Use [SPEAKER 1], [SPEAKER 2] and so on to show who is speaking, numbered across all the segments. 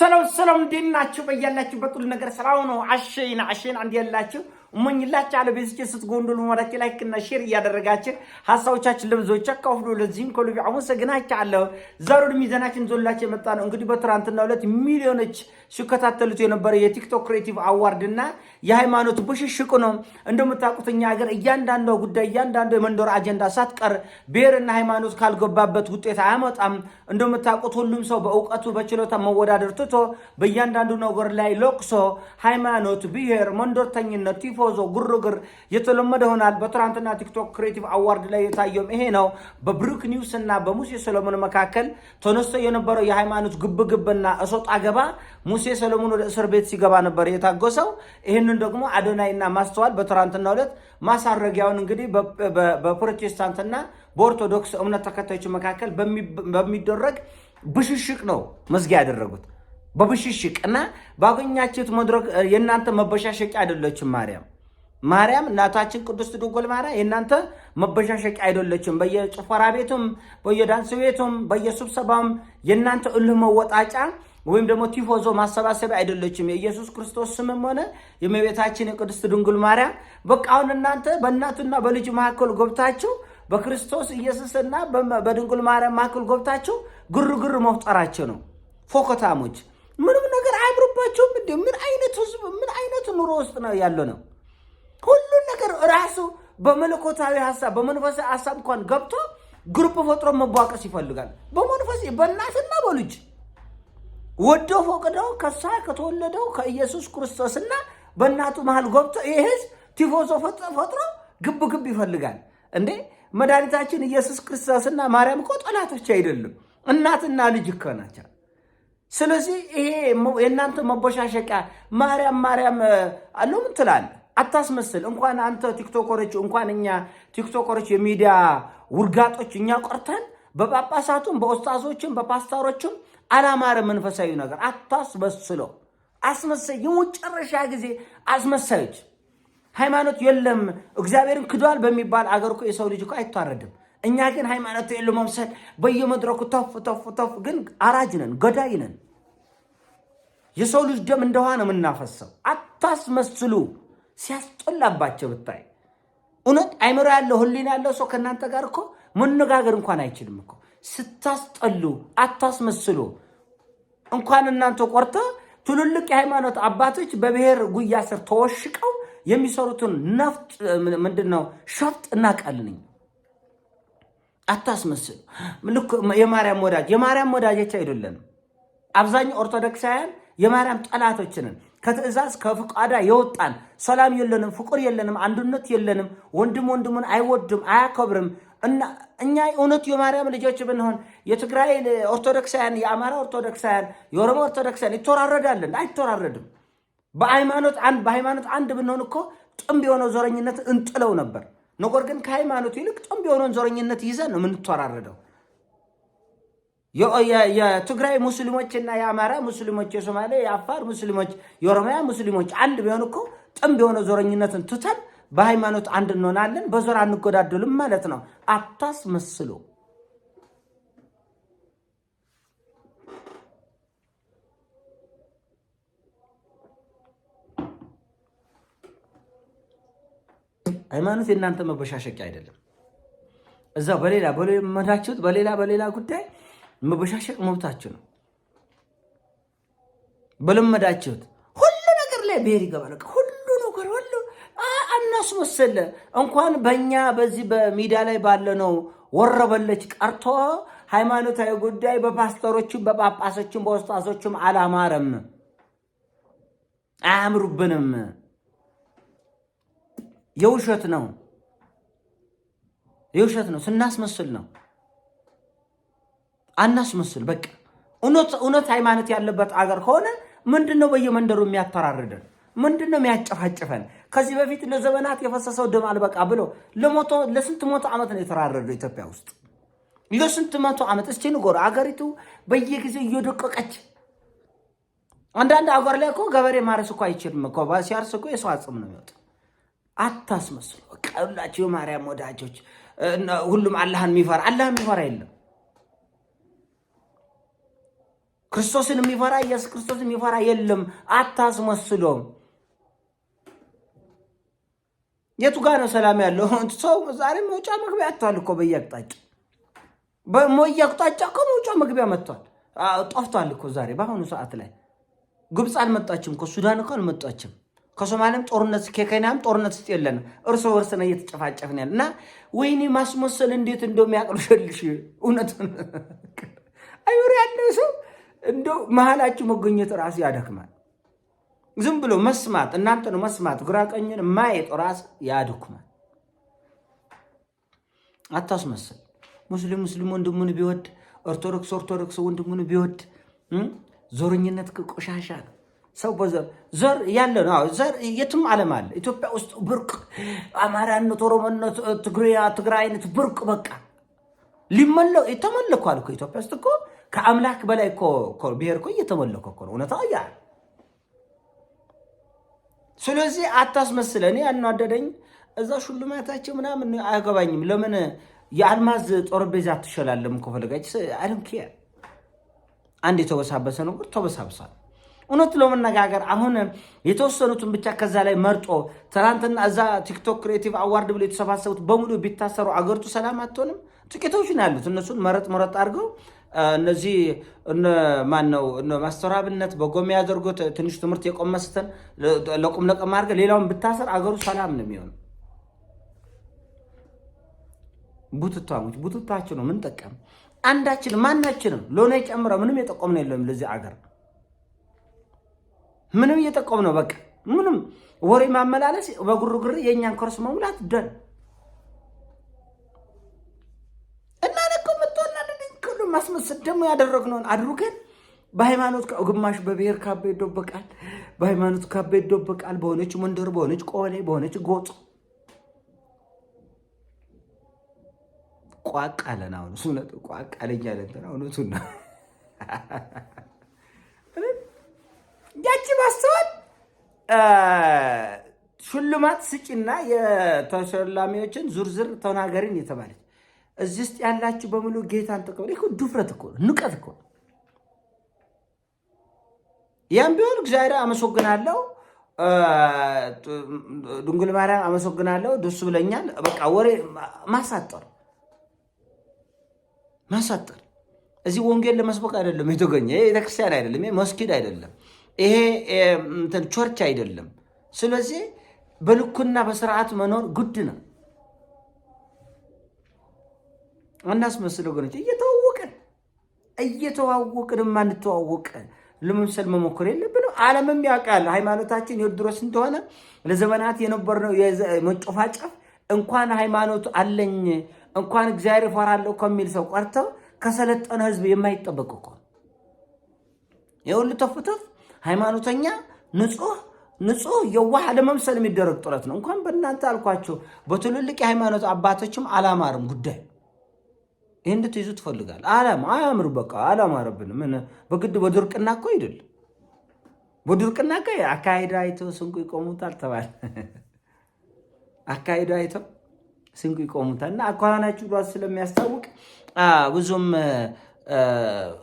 [SPEAKER 1] ሰላም ሰላም፣ እንዴት ናችሁ? በያላችሁበት ሁሉ ነገር ሰላም ነው። አሸይና አሸይና እንዴ ያላችሁ እመኝላችሁ አለ ቤስቼ ስትጎንዶሉ ማለት ላይክ እና ሼር እያደረጋችሁ ሀሳቦቻችን ለብዙዎች አካፍሉ። ለዚህም ከልብ አመሰግናችኋለሁ። ዛሬ ሚዛናችን ዞላችሁ የመጣ ነው። እንግዲህ በትናንትናው ዕለት ሚሊዮኖች ሲከታተሉት የነበረ የቲክቶክ ክሬቲቭ አዋርድ እና የሃይማኖት ብሽሽቅ ነው። እንደምታውቁት እኛ ሀገር እያንዳንዷ ጉዳይ እያንዳንዱ የመንደር አጀንዳ ሳትቀር ብሔርና ሃይማኖት ካልገባበት ውጤት አያመጣም። እንደምታውቁት ሁሉም ሰው በእውቀቱ በችሎታ መወዳደር አስመልክቶ በእያንዳንዱ ነገር ላይ ለቅሶ፣ ሃይማኖት፣ ብሔር፣ መንደርተኝነት፣ ቲፎዞ፣ ግርግር የተለመደ ሆናል። በትናንትና ቲክቶክ ክሬቲቭ አዋርድ ላይ የታየውም ይሄ ነው። በብሩክ ኒውስ እና በሙሴ ሰለሞን መካከል ተነስቶ የነበረው የሃይማኖት ግብግብና እሶጣ ገባ ሙሴ ሰለሞን ወደ እስር ቤት ሲገባ ነበር የታጎሰው። ይህንን ደግሞ አዶናይና ማስተዋል በትናንትናው ዕለት ማሳረጊያውን እንግዲህ በፕሮቴስታንትና በኦርቶዶክስ እምነት ተከታዮች መካከል በሚደረግ ብሽሽቅ ነው መዝጊያ ያደረጉት። በብሽሽቅ እና ባገኛችሁት መድረክ የእናንተ መበሻሸቂያ አይደለችም ማርያም። ማርያም እናታችን ቅድስት ድንግል ማርያም የእናንተ መበሻሸቂያ አይደለችም። በየጭፈራ ቤቱም፣ በየዳንስ ቤቱም፣ በየስብሰባም የእናንተ እልህ መወጣጫ ወይም ደግሞ ቲፎዞ ማሰባሰቢያ አይደለችም። የኢየሱስ ክርስቶስ ስምም ሆነ የእመቤታችን የቅድስት ድንግል ማርያም በቃ አሁን እናንተ በእናቱና በልጅ መካከል ገብታችሁ በክርስቶስ ኢየሱስና በድንግል ማርያም መካከል ገብታችሁ ግርግር መፍጠራቸው ነው ፎከታሞች አያምሩባቸውም? እንዲ ምን አይነት ህዝብ ምን አይነት ኑሮ ውስጥ ነው ያለ ነው? ሁሉን ነገር ራሱ በመለኮታዊ ሀሳብ በመንፈሳዊ ሀሳብ እንኳን ገብቶ ግሩፕ ፈጥሮ መቧቀስ ይፈልጋል። በመንፈስ በእናትና በልጅ ወዶ ፈቅደው ከሳ ከተወለደው ከኢየሱስ ክርስቶስና በእናቱ መሃል ገብቶ ይህ ህዝብ ቲፎዞ ፈጥሮ ግብ ግብ ይፈልጋል እንዴ! መድኃኒታችን ኢየሱስ ክርስቶስና ማርያም እኮ ጠላቶች አይደሉም። እናትና ልጅ እኮ ናቸው። ስለዚህ ይሄ የእናንተ መቦሻሸቂያ ማርያም ማርያም አለው ምን ትላለህ? አታስመስል። እንኳን አንተ ቲክቶከሮች፣ እንኳን እኛ ቲክቶከሮች የሚዲያ ውርጋጦች እኛ ቆርተን በጳጳሳቱም በኦስታዞችም በፓስተሮችም አላማረ መንፈሳዊ ነገር አታስመስለው። አስመሳይ የመጨረሻ ጊዜ አስመሳዮች ሃይማኖት የለም እግዚአብሔርን ክዷል በሚባል አገር እኮ የሰው ልጅ እኮ አይታረድም። እኛ ግን ሃይማኖት የለ መምሰል በየመድረኩ ተፍ ተፍ ተፍ ግን አራጅ ነን፣ ገዳይ ነን። የሰው ልጅ ደም እንደ ነው የምናፈሰው። አታስመስሉ። ሲያስጠላባቸው ብታይ እውነት አይምሮ ያለው ህሊና ያለው ሰው ከእናንተ ጋር እኮ መነጋገር እንኳን አይችልም እኮ። ስታስጠሉ፣ አታስመስሉ። እንኳን እናንተ ቆርተ ትልልቅ የሃይማኖት አባቶች በብሔር ጉያ ስር ተወሽቀው የሚሰሩትን ነፍጥ ምንድን ነው ሸፍጥ እናቃልንኝ። አታስመስሉ። ልክ የማርያም ወዳጅ የማርያም ወዳጆች አይደለንም። አብዛኛው ኦርቶዶክሳውያን የማርያም ጠላቶችንን ከትእዛዝ ከፍቃዳ የወጣን ሰላም የለንም፣ ፍቅር የለንም፣ አንድነት የለንም። ወንድም ወንድሙን አይወድም፣ አያከብርም። እና እኛ እውነት የማርያም ልጆች ብንሆን የትግራይ ኦርቶዶክሳውያን፣ የአማራ ኦርቶዶክሳውያን፣ የኦሮሞ ኦርቶዶክሳውያን ይተራረዳለን። አይተራረድም። በሃይማኖት አንድ በሃይማኖት አንድ ብንሆን እኮ ጥንብ የሆነ ዘረኝነት እንጥለው ነበር። ነገር ግን ከሃይማኖት ይልቅ ጥንብ የሆነን ዘረኝነት ይዘን ነው የምንተራረደው። የትግራይ ሙስሊሞች እና የአማራ ሙስሊሞች፣ የሶማሌ፣ የአፋር ሙስሊሞች፣ የኦሮሚያ ሙስሊሞች አንድ ቢሆን እኮ ጥም የሆነ ዞረኝነትን ትተን በሃይማኖት አንድ እንሆናለን፣ በዞር አንጎዳደልም ማለት ነው። አታስመስሉ። ሃይማኖት የእናንተ መበሻሸቂያ አይደለም። እዛ በሌላ በመዳችሁት በሌላ በሌላ ጉዳይ መበሻሸቅ መብታችሁ ነው። በለመዳችሁት ሁሉ ነገር ላይ ብሄር ይገባል። ሁሉ ነገር ሁሉ መሰለ እንኳን በእኛ በዚህ በሚዲያ ላይ ባለነው ወረበለች ቀርቶ ሃይማኖታዊ ጉዳይ በፓስተሮችም በጳጳሶችም በወስጣሶችም አላማረም፣ አያምሩብንም። የውሸት ነው፣ የውሸት ነው፣ ስናስመስል ነው። አናስመስል። በቃ እውነት ሃይማኖት ያለበት አገር ከሆነ ምንድን ነው በየመንደሩ የሚያተራርደን? ምንድን ነው የሚያጨፋጭፈን? ከዚህ በፊት ለዘመናት የፈሰሰው ደም አልበቃ ብሎ ለስንት መቶ ዓመት ነው የተራረደው ኢትዮጵያ ውስጥ ለስንት መቶ ዓመት እስቲ ንጎሩ። አገሪቱ በየጊዜው እየደቀቀች አንዳንድ አገር ላይ እኮ ገበሬ ማረስ እኮ አይችልም እኮ ሲያርስ እኮ የሰው አጽም ነው የሚወጣ። አታስመስሉ። ሁላችሁ የማርያም ወዳጆች፣ ሁሉም አላህን የሚፈራ አላህን የሚፈራ የለም። ክርስቶስን የሚፈራ ኢየሱስ ክርስቶስን የሚፈራ የለም። አታስመስሎም። የቱ ጋር ነው ሰላም ያለው? ሰው ዛሬ መውጫ መግቢያ ያጥቷል እኮ በየአቅጣጫ በየአቅጣጫ እኮ መውጫ መግቢያ መጥቷል፣ ጠፍቷል እኮ ዛሬ በአሁኑ ሰዓት ላይ ግብፅ አልመጣችም እኮ ሱዳን እኮ አልመጣችም። ከሶማሌም ጦርነት ከኬንያም ጦርነት ውስጥ የለንም። እርስ በርስ ነው እየተጨፋጨፍን ያለ እና ወይኔ ማስመሰል እንዴት እንደሚያቅልሸልሽ እውነት አይወር ያለው ሰው እንደው መሀላችሁ መገኘት ራሱ ያደክማል። ዝም ብሎ መስማት እናንተ ነው መስማት፣ ግራ ቀኝን ማየት ራስ ያደክማል። አታስመስል። ሙስሊም ሙስሊም ወንድሙን ቢወድ፣ ኦርቶዶክስ ኦርቶዶክስ ወንድሙን ቢወድ፣ ዞርኝነት ቆሻሻ ነው። ሰው በዘር ዘር ያለ ነው። ዘር የትም ዓለም አለ። ኢትዮጵያ ውስጥ ብርቅ አማራነት፣ ኦሮሞነት፣ ትግሪያ ትግራይነት ብርቅ በቃ ሊመለ ተመለኳል። ኢትዮጵያ ውስጥ እኮ ከአምላክ በላይ ብሔር እኮ እየተመለከ እኮ ነው። እውነታ ያ ስለዚህ አታስመስል። እኔ ያናደደኝ እዛ ሹልማታቸው ምናምን አያገባኝም። ለምን የአልማዝ ጠረጴዛ ትሸላለም? ከፈለጋች አድንክ አንድ የተበሳበሰ ነገር ተበሳብሳል። እውነት ለመነጋገር አሁን የተወሰኑትን ብቻ ከዛ ላይ መርጦ ትናንትና እዛ ቲክቶክ ክሬቲቭ አዋርድ ብሎ የተሰባሰቡት በሙሉ ቢታሰሩ አገሪቱ ሰላም አትሆንም። ጥቂቶች ነው ያሉት። እነሱን መረጥ መረጥ አድርገው እነዚህ ማን ነው ማስተራብነት በጎሚያ አድርጎ ትንሽ ትምህርት የቆመስተን ለቁም ለቀም አድርገህ ሌላውን ብታሰር አገሩ ሰላም ነው የሚሆነው። ቡትቷሞች ቡትቷችን ነው ምንጠቀም አንዳችንም ማናችንም ለሆነ ጨምረ ምንም የጠቆም ነው የለም ለዚህ አገር ምንም እየጠቆም ነው በቃ ምንም ወሬ ማመላለስ በጉርግር የእኛን ኮርስ መሙላት ደን ማስመሰል ደግሞ ያደረግነውን አድርገን በሃይማኖት ግማሽ በብሔር ካባ ይዶበቃል፣ በሃይማኖት ካባ ይዶበቃል። በሆነች መንደር፣ በሆነች ቆሌ፣ በሆነች ጎጥ ቋቅ አለን። አሁን እሱ ቋቅ አለኝ ያለን አሁን ያቺ ማስተዋል ሽልማት ስጪና የተሸላሚዎችን ዝርዝር ተናገሪን የተባለች እዚህ ውስጥ ያላችሁ በሙሉ ጌታን ተቀበሉ። ይህ ድፍረት እኮ ነው፣ ንቀት እኮ ነው። ያም ቢሆን እግዚአብሔር አመሰግናለሁ፣ ድንግል ማርያም አመሰግናለሁ፣ ደስ ብለኛል። በቃ ወሬ ማሳጠር ማሳጠር። እዚህ ወንጌል ለመስበክ አይደለም የተገኘ። ቤተክርስቲያን አይደለም፣ ይሄ መስጊድ አይደለም፣ ይሄ ቸርች አይደለም። ስለዚህ በልኩና በስርዓት መኖር ግድ ነው። አናስመስል ወገኖች፣ እየተዋወቅን እየተዋወቅን የማንተዋወቅ ለመምሰል መሞከር የለብንም። ዓለምም ያውቃል ሃይማኖታችን የድሮስ እንደሆነ ለዘመናት የነበርነው መጮፋጨፍ እንኳን ሃይማኖቱ አለኝ እንኳን እግዚአብሔር እፈራለሁ ከሚል ሰው ቀርተው ከሰለጠነ ህዝብ የማይጠበቅ እኮ የሁሉ ተፍተፍ ሃይማኖተኛ ንጹህ ንጹህ የዋህ ለመምሰል የሚደረግ ጥረት ነው። እንኳን በእናንተ አልኳቸው በትልልቅ የሃይማኖት አባቶችም አላማርም ጉዳይ ይህ እንድትይዙ ትፈልጋል። አላማ አያምር በቃ አላማ ረብን ምን በግድ በድርቅና እኮ ይድል በድርቅና እኮ አካሄዱ አይተው ስንቁ ይቆሙታል ተባለ። አካሄዱ አይተው ስንቁ ይቆሙታል እና አኳኋናችሁ ብሏት ስለሚያስታውቅ ብዙም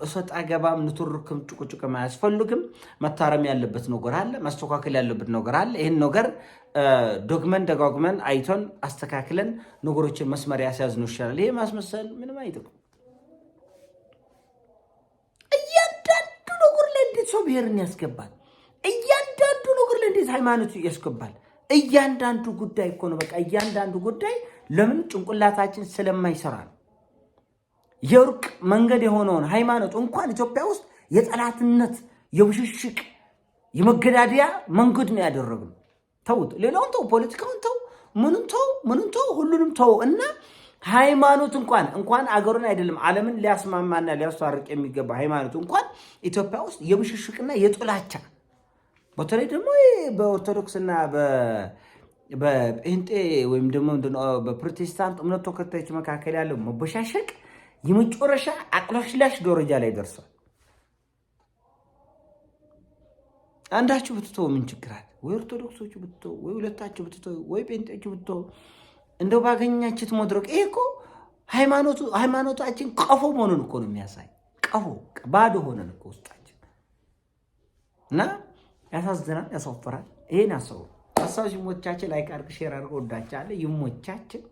[SPEAKER 1] እሰጥ አገባም ንትርክም ጭቁጭቅም አያስፈልግም። መታረም ያለበት ነገር አለ፣ ማስተካከል ያለበት ነገር አለ። ይህን ነገር ዶግመን ደጋግመን አይቶን አስተካክለን ነገሮችን መስመር ያስያዝ ነው ይሻላል። ይሄ ማስመሰል ምንም አይጥቅም። እያንዳንዱ ነገር ላይ እንዴት ሰው ብሔርን ያስገባል? እያንዳንዱ ነገር ላይ እንዴት ሃይማኖቱ ያስገባል? እያንዳንዱ ጉዳይ እኮ ነው በቃ እያንዳንዱ ጉዳይ ለምን ጭንቅላታችን ስለማይሰራ ነው። የእርቅ መንገድ የሆነውን ሃይማኖት እንኳን ኢትዮጵያ ውስጥ የጠላትነት የብሽሽቅ የመገዳደያ መንገድ ነው ያደረግነው። ተውት፣ ሌላውን ተው፣ ፖለቲካውን ተው፣ ምኑን ተው፣ ምኑን ተው፣ ሁሉንም ተው እና ሃይማኖት እንኳን እንኳን አገሩን አይደለም ዓለምን ሊያስማማና ሊያስታርቅ የሚገባ ሃይማኖት እንኳን ኢትዮጵያ ውስጥ የብሽሽቅና የጥላቻ በተለይ ደግሞ በኦርቶዶክስና በጴንጤ ወይም ደግሞ በፕሮቴስታንት እምነት ተከታዮች መካከል ያለው መበሻሸቅ የመጨረሻ አቅላሽላሽ ደረጃ ላይ ደርሷል። አንዳችሁ ብትተው ምን ችግር አለ? ወይ ኦርቶዶክሶቹ ብትተው፣ ወይ ሁለታችሁ ብትተው፣ ወይ ጴንጤቹ ብትተው፣ እንደው ባገኛችት መድረክ ይሄ እኮ ሃይማኖቱ ሃይማኖታችን ቀፎ መሆኑን እኮ ነው የሚያሳይ። ቀፎ ባዶ ሆነን እኮ ውስጣችን እና ያሳዝናል፣ ያሳፈራል። ይሄን አሰቡ። ሀሳብ ሲሞቻችን ላይክ አድርግ፣ ሼር አድርገ ወዳቻለ ይሞቻችን